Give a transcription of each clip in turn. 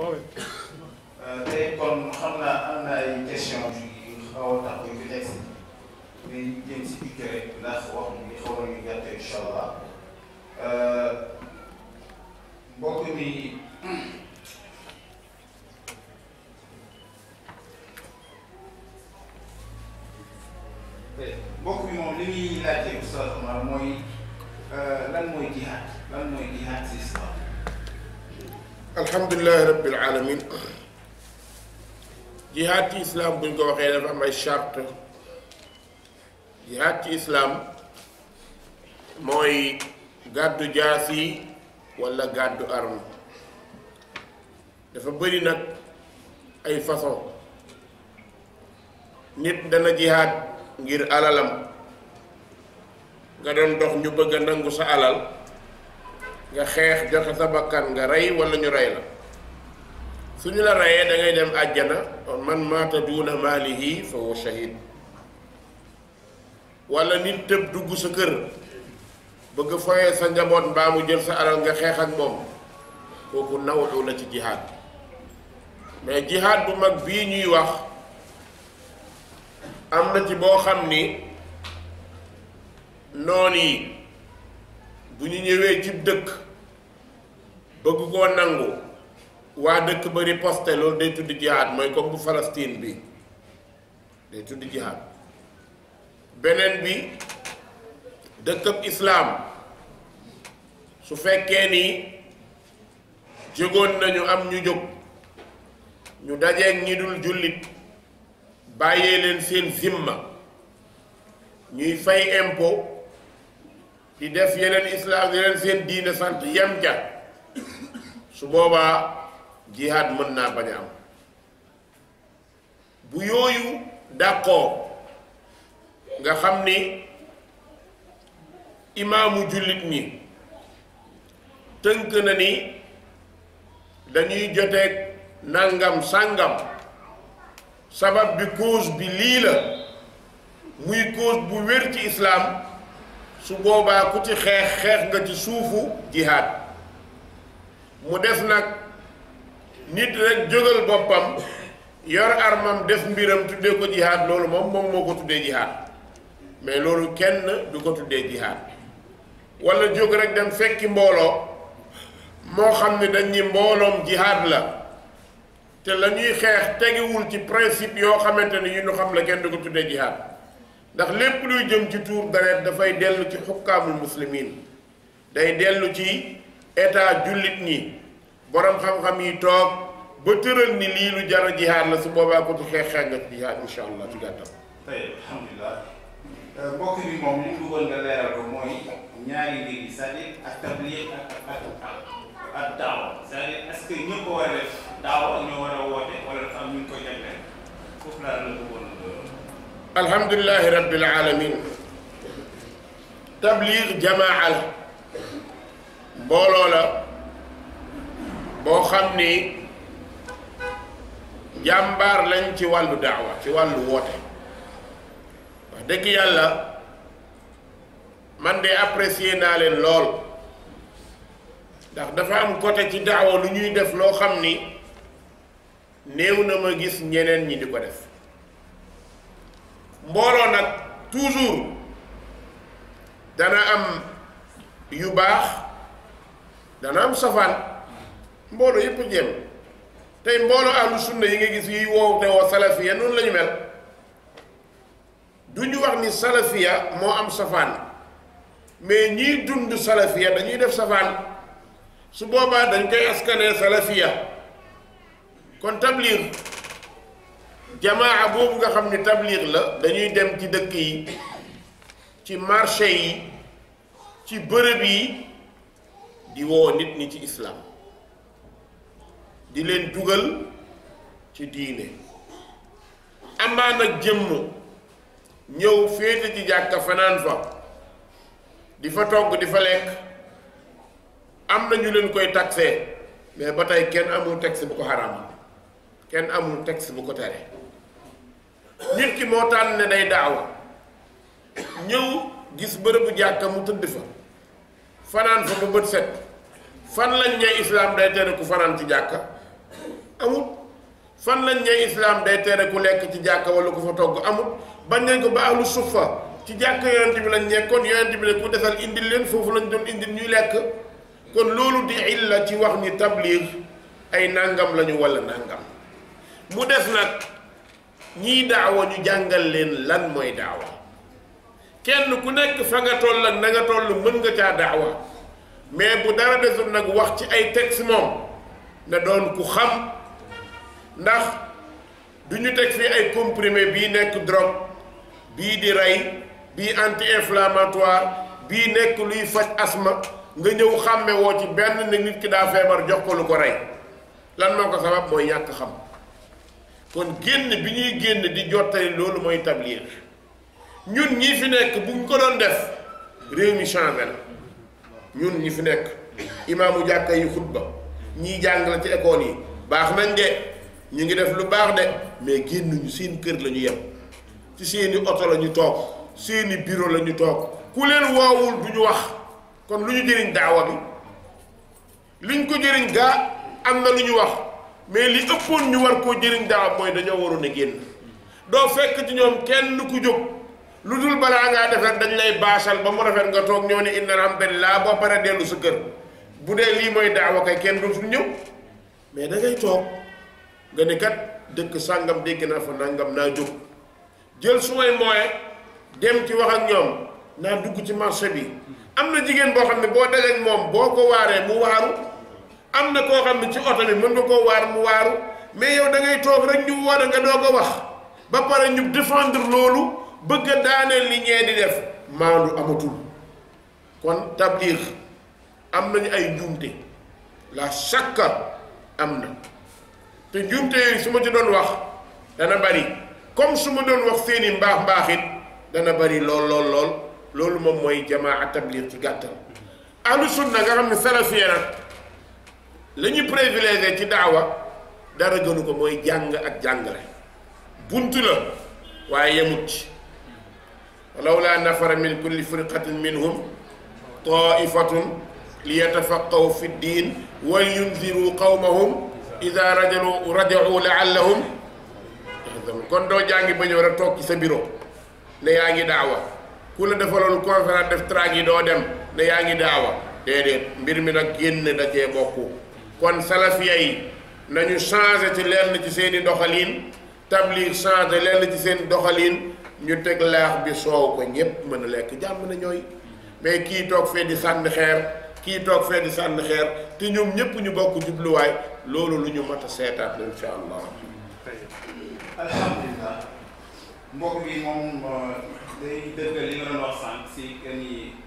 Euh, tey kon xam naa am na ay questions yu xaw a tax yu fi nekk mais ñu jëm si digg rek ndax wax bi xaw nañu gàtt incha allah euh, mbokk mi mbokk mi moom li ñuy laajte Oustaz Omar mooy euh, lan mooy jihaad lan mooy jihaad si islam alhamdulilahi rabbil alamin jihaad ci islaam buñ ko waxee dafa am ay charte jihaad ci islaam mooy gàddu jaas yi walla gàddu arme dafa bëri nag ay façon nit dana jihaad ngir alalam nga doon dox ñu bëgg a nangu sa alal nga xeex joxe sa bakkan nga rey wala ñu rey la su ñu la reyee da ngay dem àjjana man maata duuna maalihi fa huwa shahid wala nit tëb dugg sa kër bëgg foyee sa njaboot mbaa jël sa alal nga xeex ak moom kooku nawu la ci jihaad mais jihaad bu mag bii ñuy wax am na ci boo xam ni noon yi bu ñu ñëwee cib dëkk bëgg koo nangu waa dëkk ba riposte loolu day tudd jihaad mooy comme bu Palestine bi day tudd jihaad beneen bi dëkkab islaam su fekkee ni jógoon nañu am ñu jóg ñu dajeeg ñi dul jullit bàyyee leen seen zimma ñuy fay impôt di def yeneen islam yeneen seen diine sant yem ja su boobaa jihaad mën naa bañ am bu yooyu dàqoo nga xam ni imaamu jullit ñi tënk na ni dañuy joteeg nangam sàngam sabab bi cause bi lii la muy cause bu wér islaam su boobaa ku ci xeex xeex nga ci suufu jihaad mu def nag nit rek jógal boppam yor armam def mbiram tuddee ko jihaad loolu moom moom moo ko tuddee jihaad mais loolu kenn du ko tuddee jihaad wala jóg rek dem fekki mbooloo moo xam ne dañ ñi mbooloom jihaad la te la ñuy xeex tegiwul ci principe yoo xamante ne yu ñu xam la kenn du ko tuddee jihaad ndax lépp luy jëm ci tuur deret dafay dellu ci xukkaamul muslimin day dellu ci état jullit ñi borom xam-xam yi toog ba tëral ni lii lu jar a jihaad la su boobaa ko ci xeex-xeex nga ci jihaad allah ci gàttal. tey alhamdulilah euh, mbokk bi moom li mu dugal nga leeral ko mooy ñaari léegi cest à ak tablier ak ak ak ak daawa c'est-à-dire est war a def daawa ñoo war a woote wala am ñu ngi ko jagleel foofu laa la dugal. alhamdulillahi rabbil alamin tabliig jamaa la mbooloo la boo xam ni jàmbaar lañ ci wàllu daawa ci wàllu woote wax dëgg yàlla man de apprécier naa leen lool ndax dafa am côté ci daawa lu ñuy def loo xam ni néew na ma gis ñeneen ñi di ko def mbooloo nag toujours dana am yu baax dana am safaan mbooloo yépp a jéem tey mbooloo ahlu yi nga gis yi woow te woo salafiya noonu lañu ñu mel du ñu wax ni salafiya moo am safaan mais ñiy dund salafiya dañuy def safaan su boobaa dañ koy askanee salafiya kon tabliir jamaa boobu nga xam ne tabliir la dañuy dem ci dëkk yi ci marché yi ci bërëb yi di woo nit ñi ci islam di leen dugal ci diine amaan ak jëmm ñëw féete ci jàkka fanaan fa di fa togg di fa lekk am na ñu leen koy taxee mais ba tey kenn amul texte bu ko xaraam kenn amul texte bu ko tere nit ki moo tànn ne day daawa ñëw gis bërëbu jàkka mu tëdd fa fanaan fa ba bët set fan lañ ñee islaam day tere ku fanaan ci jàkka amut fan lañ ñee islaam day tere ku lekk ci jàkka wala ku fa togg amut bañ nañ ko ba ahlu suffa ci jàkk yonent bi lañ nekkoon yonent bi ne ku desal indil leen foofu lañ doon indil ñuy lekk kon loolu di illa ci wax ni tabliir ay nàngam lañu walla nàngam mu des nag ñii daawa ñu jàngal leen lan mooy daawa kenn ku nekk fa nga toll ak na nga toll mën nga caa daawa mais bu dara desul nag wax ci ay texte moom na doon ku xam ndax du ñu teg fii ay comprimé bii nekk drogue bii di rey bii anti inflammatoire bii nekk luy faj asma nga ñëw xàmmewoo woo ci benn ne nit ki daa feebar jox ko lu ko rey lan moo ko sabab mooy ñàkk xam kon génn bi ñuy génn di jottali loolu mooy tablier ñun ñi fi nekk buñ ko doon def réew mi changé ñun ñi fi nekk imaamu jàkka yi xutba ñiy jàngale ci école yi baax nañ de ñu ngi def lu baax de mais génnuñu seen kër la ñu yem ci seeni oto la ñu toog seeni bureau la ñu toog ku leen woowul du ñu wax kon lu ñu jëriñ daawa bi luñ ko jëriñ gaa am na lu ñu wax mais li ëppoon ñu war koo jëriñ daa mooy dañoo waroon a génn doo fekk ci ñoom kenn lu ko jóg lu dul balaa ngaa def rek dañ lay baasal ba mu rafet nga toog ñoo ne inna laa boo paree dellu sa kër bu dee lii mooy daawa kay kenn dootul ñëw mais da ngay toog nga ne dëkk sàngam dégg naa fa nangam naa jóg jël su may mooye dem ci wax ak ñoom naa dugg ci marché bi am na jigéen boo xam ne boo dajeek moom boo ko waaree mu waaru am na koo xam ne ci oto bi mën nga koo waar mu waaru mais yow da ngay toog rek ñu war a nga doog a wax ba pare ñu défendre loolu bëgg a daaneel li ñee di def maandu amatul kon tabliir am nañu ay njuumte la shakka am na te njuumte yooyu su ma ci doon wax dana bari comme su ma doon wax seeni mbaax mbaaxit dana bari lool lool lool loolu moom mooy jamaa tabliir ci gàttal ahlu sunna nga xam ne salafiya nag lañuy ñu privilégié ci daawa dara gënu ko mooy jàng ak jàngale buntu la waaye yemut ci walawla nafara min kulli firqatin minhum taifatun li yatafaqahu fi ddin wal yundiru qawmahum ida rajalu rajau laallahum kon doo jàngi ba ñëw rek toog ci sa bureau ne yaa ngi daawa ku la defaloon conférence def traag yi doo dem ne yaa ngi daawa déedéet mbir mi nag génn da bokku kon salafiya yi nañu changé ci lenn ci seeni doxalin tablir changé lenn ci seeni doxalin ñu teg laax bi soow ko ñépp mën a lekk jàmm na ñooy mais kii toog fee di sànni xeer kii toog fee di sànni xeer te ñoom ñépp ñu bokk jubluwaay loolu lu ñu mat a seetaat la insha allah mbokk mi moom euh, day dëggal li nga doon wax sànq si kenn yi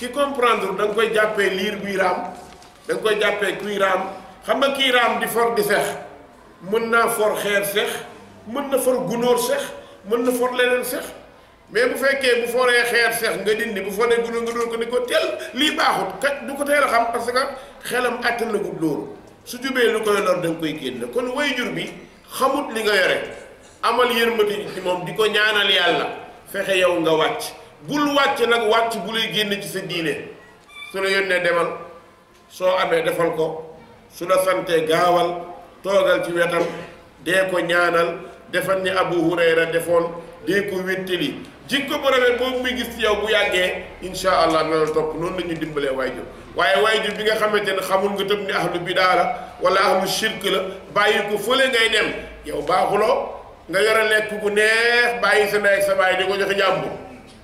ki comprendre da nga koy jàppee liir buy raam da nga koy jàppee kuy raam xam nga kii raam di for di seex mën naa for xeer seex mën na for gunóor seex mën na for leneen seex mais bu fekkee bu foree xeer seex nga dindi bu foree gunóor nga doon ko ni teel lii baaxut kat du ko teel a xam parce que xelam àttan la gudd loolu su jubee lu koy lor da nga koy génn kon wayjur bi xamut li nga yore amal yërmati ci moom di ko ñaanal yàlla fexe yow nga wàcc. bul wàcc nag wàcc bu lay génn ci sa diine su la yónnee demal soo amee defal ko su la santee gaawal toogal ci wetam dee ko ñaanal defal ni Abu Hurayra defoon dee ko wéttali jikko bu rafet boobu muy gis ci yow bu yàggee insha allah na la topp noonu la ñu dimbalee waajur waaye waajur bi nga xamante ne xamul nga tëb ni ahlu bidaa la wala ahlu shirk la bàyyi ko fële ngay dem yow baaxuloo nga yore lekk bu neex bàyyi sa ndey ak sa baay di ko joxe jàmbur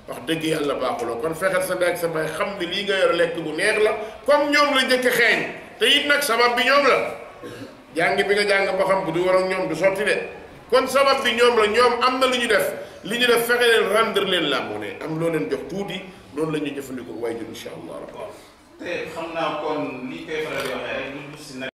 wax dëgg yàlla baaxuloo kon fexeel sa ndey sa baay xam ni lii nga yor lekk bu neex la comme ñoom la njëkk xeeñ te it nag sabab bi ñoom la jàng bi nga jàng ba xam bu du war ak ñoom du sotti kon sabab bi ñoom la ñoom am na lu ñu def li ñu def fexe leen rendre leen la mu ne am loo leen jox tuuti loolu la ñuy jëfandikoo waajur incha allah. te xam naa kon li koy faral di waxee rek